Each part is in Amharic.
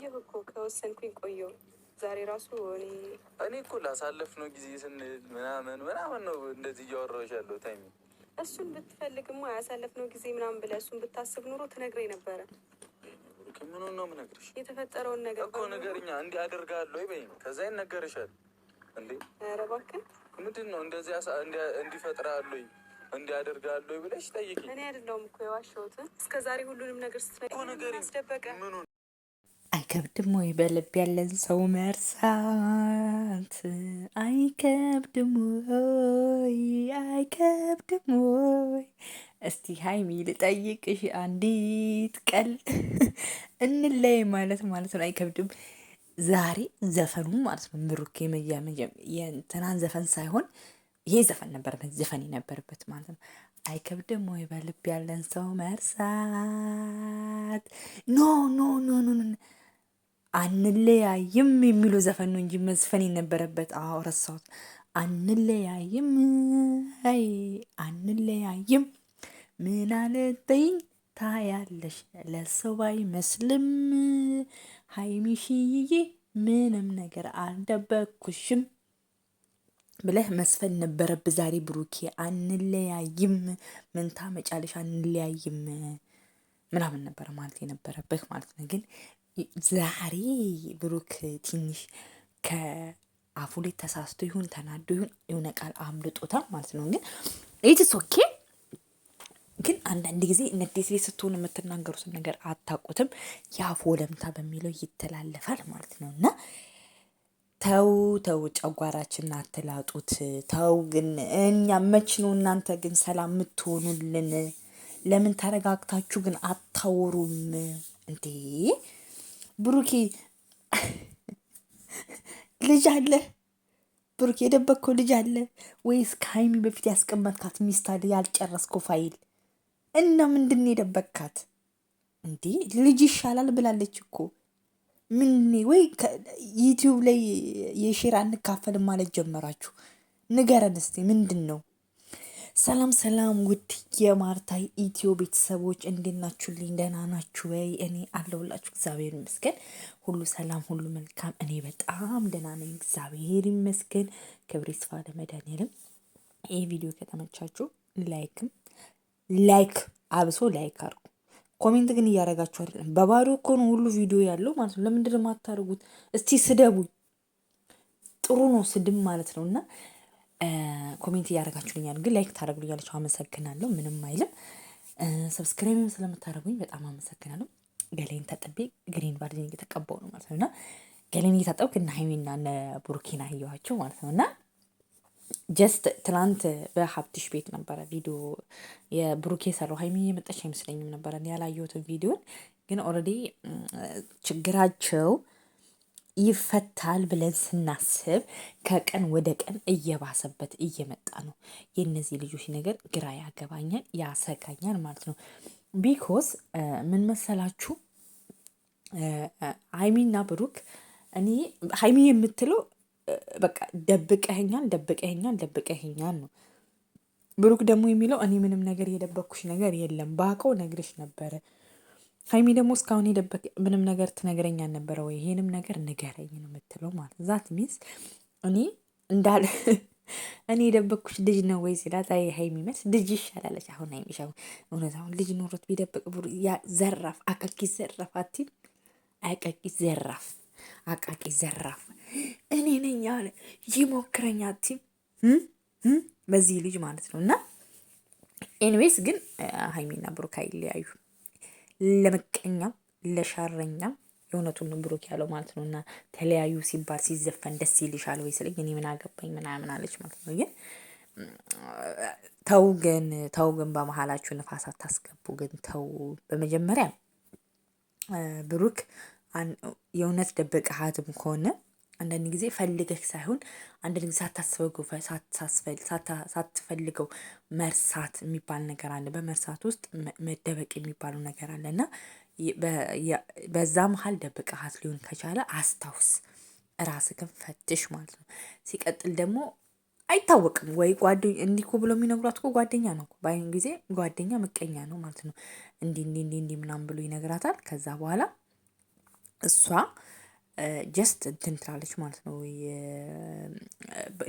ቆየሁ እኮ ከወሰንኩኝ ቆየሁ። ዛሬ ራሱ እኔ እኮ ላሳለፍ ነው ጊዜ ስንል ምናምን ምናምን ነው እንደዚህ እያወራሁሽ ያለው ታይሚ። እሱን ብትፈልግማ ያሳለፍ ነው ጊዜ ምናምን ብለህ እሱን ብታስብ ኑሮ ትነግረኝ ነበረ። ምኑ ነው የምነግርሽ? የተፈጠረውን ነገር እኮ ንገሪኛ። እንዲህ አድርጋለሁ ወይ በይኝ፣ ከዛ ይነገርሻል። እንዴ ኧረ እባክህ ምንድን ነው እንደዚህ እንዲፈጥራሉ እንዲያደርጋሉ ብለሽ ጠይቂ። እኔ አይደለሁም እኮ የዋሸሁት። እስከ ዛሬ ሁሉንም ነገር ስትነግሪኝ ነገር አስደበቀ? አይከብድም ወይ በልብ ያለን ሰው መርሳት? አይከብድም ወይ አይከብድም ወይ? እስቲ ሀይሚ ልጠይቅሽ አንዲት ቀል እንለይ ማለት ማለት ነው። አይከብድም ዛሬ ዘፈኑ ማለት ነው። ምሩኬ የእንትናን ዘፈን ሳይሆን ይሄ ዘፈን ነበር ዘፈን የነበረበት ማለት ነው። አይከብድም ወይ በልብ ያለን ሰው መርሳት? ኖ ኖ ኖ ኖ ኖ አንለያይም የሚሉ ዘፈን ነው እንጂ መዝፈን የነበረበት። አዎ ረሳሁት። አንለያይም አይ አንለያይም ምን አለጠኝ ታያለሽ ለሰው አይመስልም ሀይሚሽዬ ምንም ነገር አልደበኩሽም ብለህ መስፈን ነበረብህ። ዛሬ ብሩኬ አንለያይም ምን ታመጫለሽ አንለያይም ምናምን ነበረ ማለት የነበረብህ ማለት ነው ግን ዛሬ ብሩክ ትንሽ ከአፉ ላይ ተሳስቶ ይሁን ተናዶ ይሁን የሆነ ቃል አምልጦታል ማለት ነው። ግን ኢትስ ኦኬ። ግን አንዳንድ ጊዜ ንዴት ላይ ስትሆኑ የምትናገሩትን ነገር አታውቁትም። የአፍ ወለምታ በሚለው ይተላለፋል ማለት ነው እና ተው ተው፣ ጨጓራችን አትላጡት። ተው ግን እኛ መች ነው እናንተ ግን ሰላም የምትሆኑልን? ለምን ተረጋግታችሁ ግን አታወሩም እንዴ? ብሩኬ ልጅ አለ ብሩኬ፣ የደበቅከው ልጅ አለ ወይስ ከሀይሚ በፊት ያስቀመጥካት ሚስት አለ ያልጨረስከው ፋይል እና ምንድን የደበቅካት እንዴ? ልጅ ይሻላል ብላለች እኮ ምን ወይ ዩቲዩብ ላይ የሼር አንካፈልም ማለት ጀመራችሁ? ንገረን እስቲ ምንድን ነው? ሰላም ሰላም ውድ የማርታ ኢትዮ ቤተሰቦች እንዴት ናችሁልኝ? ደህና ናችሁ ወይ? እኔ አለሁላችሁ። እግዚአብሔር ይመስገን፣ ሁሉ ሰላም፣ ሁሉ መልካም። እኔ በጣም ደህና ነኝ፣ እግዚአብሔር ይመስገን። ክብር ይስፋ ለመድኃኒዓለም። ይህ ቪዲዮ ከተመቻችሁ ላይክም ላይክ አብሶ ላይክ አድርጉ። ኮሜንት ግን እያደረጋችሁ አይደለም። በባዶ እኮ ነው ሁሉ ቪዲዮ ያለው ማለት ነው። ለምንድን ነው የማታደርጉት? እስቲ ስደቡኝ። ጥሩ ነው ስድብ ማለት ነው እና ኮሜንት እያደረጋችሁልኛል፣ ግን ላይክ ታደረጉልኛለች። አመሰግናለሁ። ምንም አይልም። ሰብስክራይብም ስለምታደረጉኝ በጣም አመሰግናለሁ። ገሌን ታጥቤ ግሪን ባርዲን እየተቀባው ነው ማለት ነው እና ገሌን እየታጠብክ እና ሀይሜና እነ ቡሩኬን አየኋቸው ማለት ነው እና ጀስት ትናንት በሀብትሽ ቤት ነበረ ቪዲዮ የብሩኬ የሰራው ሀይሚ የመጣች አይመስለኝም ነበረ ያላየሁትን ቪዲዮን ግን ኦልሬዲ ችግራቸው ይፈታል ብለን ስናስብ ከቀን ወደ ቀን እየባሰበት እየመጣ ነው። የእነዚህ ልጆች ነገር ግራ ያገባኛል፣ ያሰጋኛል ማለት ነው። ቢኮስ ምን መሰላችሁ ሀይሚና ብሩክ እኔ ሀይሚ የምትለው በቃ ደብቀኸኛል፣ ደብቀኸኛል፣ ደብቀኸኛል ነው። ብሩክ ደግሞ የሚለው እኔ ምንም ነገር የደበኩሽ ነገር የለም ባውቀው ነግርሽ ነበረ ሀይሚ ደግሞ እስካሁን ሄደበት ምንም ነገር ትነግረኝ አልነበረ ወይ? ይሄንም ነገር ንገረኝ ነው የምትለው ማለት ዛት ሚንስ እኔ እንዳለ እኔ የደበቅኩሽ ልጅ ነው ወይ ሲላት፣ አይ ሀይሚ መልስ ልጅ ይሻላለች። አሁን ሀይሚ እውነት አሁን ልጅ ኖሮት ቢደብቅ ብሩ ዘራፍ አቃቂ ዘራፍ አቲም አቃቂ ዘራፍ አቃቂ ዘራፍ እኔ ነኝ አለ ይሞክረኝ አቲም በዚህ ልጅ ማለት ነው። እና ኤንዌስ ግን ሀይሚና ብሩክ አይለያዩ ለመቀኛም ለሻረኛም የእውነቱን ነው ብሩክ ያለው ማለት ነው። እና ተለያዩ ሲባል ሲዘፈን ደስ ይልሻል ወይ ስለኝ እኔ ምን አገባኝ ምናምን አለች ማለት ነው። ግን ተው ግን ተው ግን በመሀላችሁ ንፋስ አታስገቡ ግን ተው። በመጀመሪያ ብሩክ የእውነት ሀትም ከሆነ አንዳንድ ጊዜ ፈልገህ ሳይሆን አንዳንድ ጊዜ ሳታስበው ሳትፈልገው መርሳት የሚባል ነገር አለ። በመርሳት ውስጥ መደበቅ የሚባለው ነገር አለ። እና በዛ መሀል ደብቀሃት ሊሆን ከቻለ አስታውስ ግን ፈትሽ ማለት ነው። ሲቀጥል ደግሞ አይታወቅም ወይ ጓደኛ እንዲህ እኮ ብሎ የሚነግሯት እኮ ጓደኛ ነው እኮ ጊዜ ጓደኛ ምቀኛ ነው ማለት ነው። እንዲህ እንዲህ እንዲህ እንዲህ ምናምን ብሎ ይነግራታል ከዛ በኋላ እሷ ጀስት እንትን ትላለች ማለት ነው።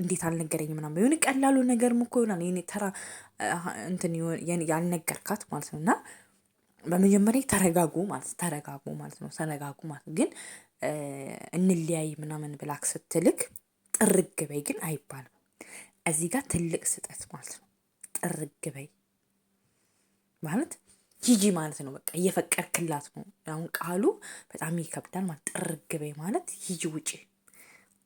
እንዴት አልነገረኝ ምናም የሆነ ቀላሉ ነገር እኮ ይሆናል የእኔ ተራ እንትን ያልነገርካት ማለት ነው። እና በመጀመሪያ ተረጋጉ ማለት ተረጋጉ ማለት ነው። ተረጋጉ ማለት ግን እንለያይ ምናምን ብላክ ስትልክ ጥርግ በይ ግን አይባልም። እዚህ ጋር ትልቅ ስጠት ማለት ነው። ጥርግ በይ ማለት ጂጂ ማለት ነው። በቃ እየፈቀድክላት ነው። አሁን ቃሉ በጣም ይከብዳል ማለት ጥርግቤ ማለት ሂጂ ውጪ፣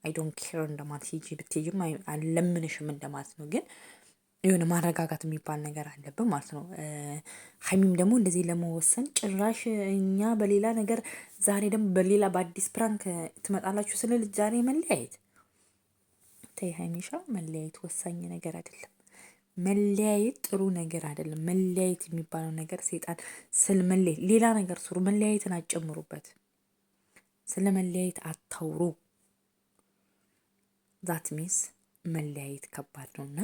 አይ ዶንት ኬር እንደማለት ሂጂ ብትሄጂም አልለምንሽም እንደማለት ነው። ግን የሆነ ማረጋጋት የሚባል ነገር አለብን ማለት ነው። ሀይሚም ደግሞ እንደዚህ ለመወሰን ጭራሽ እኛ በሌላ ነገር ዛሬ ደግሞ በሌላ በአዲስ ፕራንክ ትመጣላችሁ ስለ ዛሬ መለያየት ተይ ሀይሚሻ፣ መለያየት ወሳኝ ነገር አይደለም። መለያየት ጥሩ ነገር አይደለም። መለያየት የሚባለው ነገር ሴጣን ስለመለየት ሌላ ነገር ስሩ፣ መለያየትን አጨምሩበት። ስለ መለያየት አታውሩ። ዛት ሚስ መለያየት ከባድ ነው እና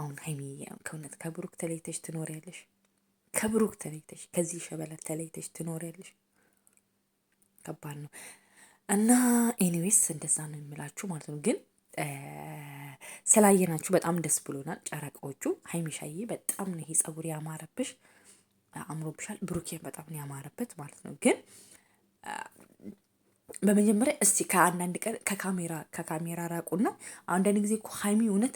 አሁን ሀይሚ ከእውነት ከብሩክ ተለይተሽ ትኖሪያለሽ? ከብሩክ ተለይተሽ ከዚህ ሸበላት ተለይተሽ ትኖሪያለሽ? ከባድ ነው እና ኤኒዌይስ እንደዛ ነው የሚላችሁ ማለት ነው ግን ስላየናችሁ በጣም ደስ ብሎናል። ጨረቃዎቹ ሀይሚሻዬ በጣም ነው ይሄ ጸጉር ያማረብሽ፣ አምሮብሻል። ብሩኬን በጣም ነው ያማረበት ማለት ነው። ግን በመጀመሪያ እስቲ ከአንዳንድ ቀን ከካሜራ ከካሜራ ራቁና፣ አንዳንድ ጊዜ እኮ ሀይሚ እውነት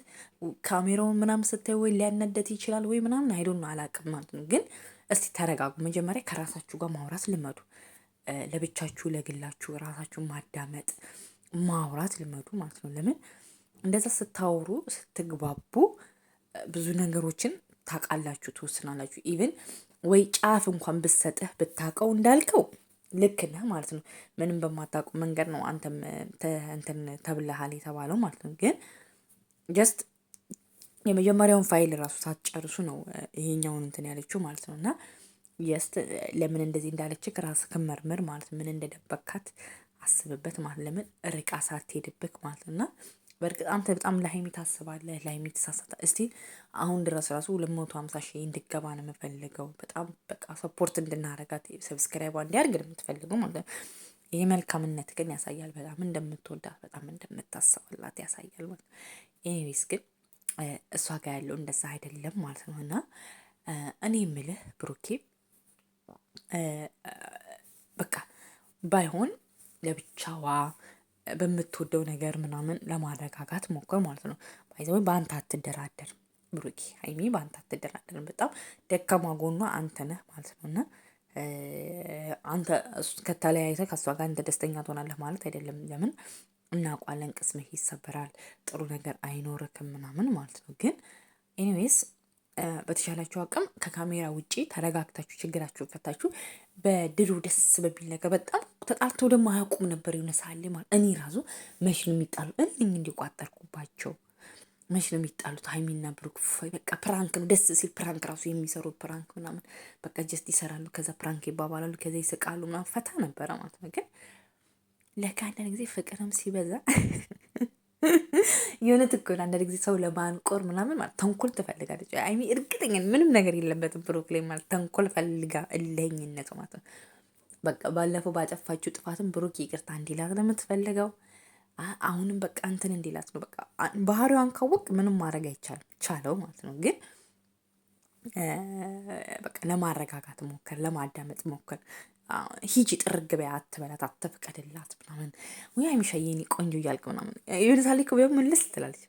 ካሜራውን ምናምን ስታይ ወይ ሊያነደት ይችላል ወይ ምናምን አይዶን አላቅም ማለት ነው። ግን እስቲ ተረጋጉ። መጀመሪያ ከራሳችሁ ጋር ማውራት ልመዱ። ለብቻችሁ ለግላችሁ ራሳችሁን ማዳመጥ ማውራት ልመዱ ማለት ነው። ለምን እንደዛ ስታወሩ ስትግባቡ ብዙ ነገሮችን ታውቃላችሁ፣ ትወስናላችሁ። ኢቨን ወይ ጫፍ እንኳን ብትሰጥህ ብታውቀው እንዳልከው ልክ ነህ ማለት ነው። ምንም በማታውቁ መንገድ ነው አንተም እንትን ተብለሃል የተባለው ማለት ነው። ግን ጀስት የመጀመሪያውን ፋይል ራሱ ሳትጨርሱ ነው ይሄኛውን እንትን ያለችው ማለት ነው። እና ጀስት ለምን እንደዚህ እንዳለች ራስ ክመርምር ማለት ምን እንደደበካት አስብበት ማለት ለምን ርቃ ሳትሄድብክ ማለት እና በእርግጥ አንተ በጣም ለሀይሚ ታስባለህ፣ ለሀይሚ ተሳሳታ። እስቲ አሁን ድረስ ራሱ ሁለት ሀምሳ ሺህ እንድገባ ነው የምፈልገው። በጣም በቃ ሰፖርት እንድናረጋት ሰብስክራይቧ እንዲያርግ የምትፈልገው ማለት ነው። ይህ መልካምነት ግን ያሳያል፣ በጣም እንደምትወዳት፣ በጣም እንደምታስብላት ያሳያል ማለት ነው። ኤኒዌይስ ግን እሷ ጋር ያለው እንደዛ አይደለም ማለት ነው እና እኔ የምልህ ብሩኬ በቃ ባይሆን ለብቻዋ በምትወደው ነገር ምናምን ለማረጋጋት ሞክር ማለት ነው። ባይዘዌ በአንተ አትደራደርም ብሩኬ ሀይሚ በአንተ አትደራደርም። በጣም ደካማ ጎኗ አንተ ነህ ማለት ነው። እና አንተ ከተለያይተ ከእሷ ጋር እንደ ደስተኛ ትሆናለህ ማለት አይደለም። ለምን እናቋለን፣ ቅስምህ ይሰበራል፣ ጥሩ ነገር አይኖርክም ምናምን ማለት ነው። ግን ኤኒዌይስ በተሻላችሁ አቅም ከካሜራ ውጭ ተረጋግታችሁ ችግራችሁን ፈታችሁ በድሉ ደስ በሚል ነገር በጣም ተጣልተው ደግሞ አያውቁም ነበር። የሆነ ሳሌ ማለት እኔ ራሱ መች ነው የሚጣሉ እኔ እንዲቋጠርኩባቸው መች ነው የሚጣሉት? ሀይሚና ብሩክ በቃ ፕራንክ ነው ደስ ሲል ፕራንክ ራሱ የሚሰሩ ፕራንክ ምናምን በቃ ጀስት ይሰራሉ፣ ከዛ ፕራንክ ይባባላሉ፣ ከዛ ይስቃሉ ምናምን ፈታ ነበረ ማለት ነው። ግን ለካ አንዳንድ ጊዜ ፍቅርም ሲበዛ የሆነ ትክክል አንዳንድ ጊዜ ሰው ለማንቆር ምናምን ማለት ተንኮል ትፈልጋለች። አይሚ እርግጠኛ ምንም ነገር የለበትም ብሩክሌን ማለት ተንኮል ፈልጋ እልህኝነት ማለት ነው። በቃ ባለፈው ባጠፋችው ጥፋትም ብሩክ ይቅርታ እንዲላት ነው የምትፈልገው። አሁንም በቃ እንትን እንዲላት ነው። በቃ ባህሪዋን ካወቅ ምንም ማድረግ አይቻልም፣ ቻለው ማለት ነው። ግን በቃ ለማረጋጋት ሞከር፣ ለማዳመጥ ሞከር። ሂጂ ጥርግ በያ አትበላት፣ አትፍቀድላት ምናምን ወይ አይሚሻዬ የኔ ቆንጆ እያልክ ምናምን የሆነ ሳሌ እኮ ቢሆን ምን ትላለች